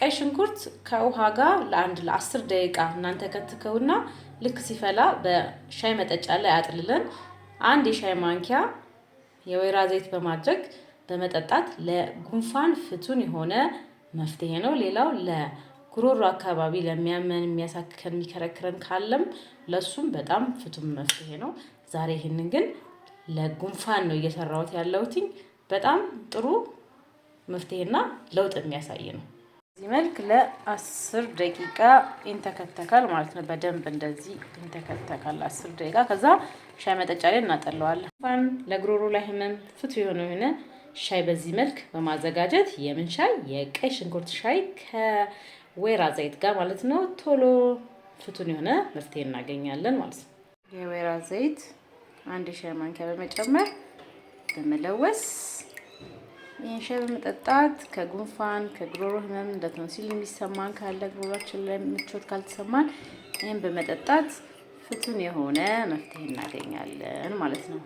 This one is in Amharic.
ቀይ ሽንኩርት ከውሃ ጋር ለአንድ ለአስር ደቂቃ እናንተ ከትከውና ልክ ሲፈላ በሻይ መጠጫ ላይ አጥልለን አንድ የሻይ ማንኪያ የወይራ ዘይት በማድረግ በመጠጣት ለጉንፋን ፍቱን የሆነ መፍትሄ ነው። ሌላው ለጉሮሮ አካባቢ ለሚያመን የሚያሳክከን የሚከረክረን ካለም ለሱም በጣም ፍቱን መፍትሄ ነው። ዛሬ ይህንን ግን ለጉንፋን ነው እየሰራሁት ያለሁትኝ። በጣም ጥሩ መፍትሄና ለውጥ የሚያሳይ ነው። በዚህ መልክ ለአስር ደቂቃ ይንተከተካል ማለት ነው። በደንብ እንደዚህ ይንተከተካል አስር ደቂቃ። ከዛ ሻይ መጠጫ ላይ እናጠለዋለን። እንኳን ለጉሮሮ ላይ ህመም ፍቱ የሆነ የሆነ ሻይ በዚህ መልክ በማዘጋጀት የምን ሻይ? የቀይ ሽንኩርት ሻይ ከወይራ ዘይት ጋር ማለት ነው። ቶሎ ፍቱን የሆነ መፍትሄ እናገኛለን ማለት ነው። የወይራ ዘይት አንድ ሻይ ማንኪያ በመጨመር በመለወስ ይህን መጠጣት ከጉንፋን ከጉሮሮ ህመም እንደ ቶንሲል የሚሰማን ካለ ጉሮሯችን ላይ ምቾት ካልተሰማን ይህን በመጠጣት ፍቱን የሆነ መፍትሄ እናገኛለን ማለት ነው።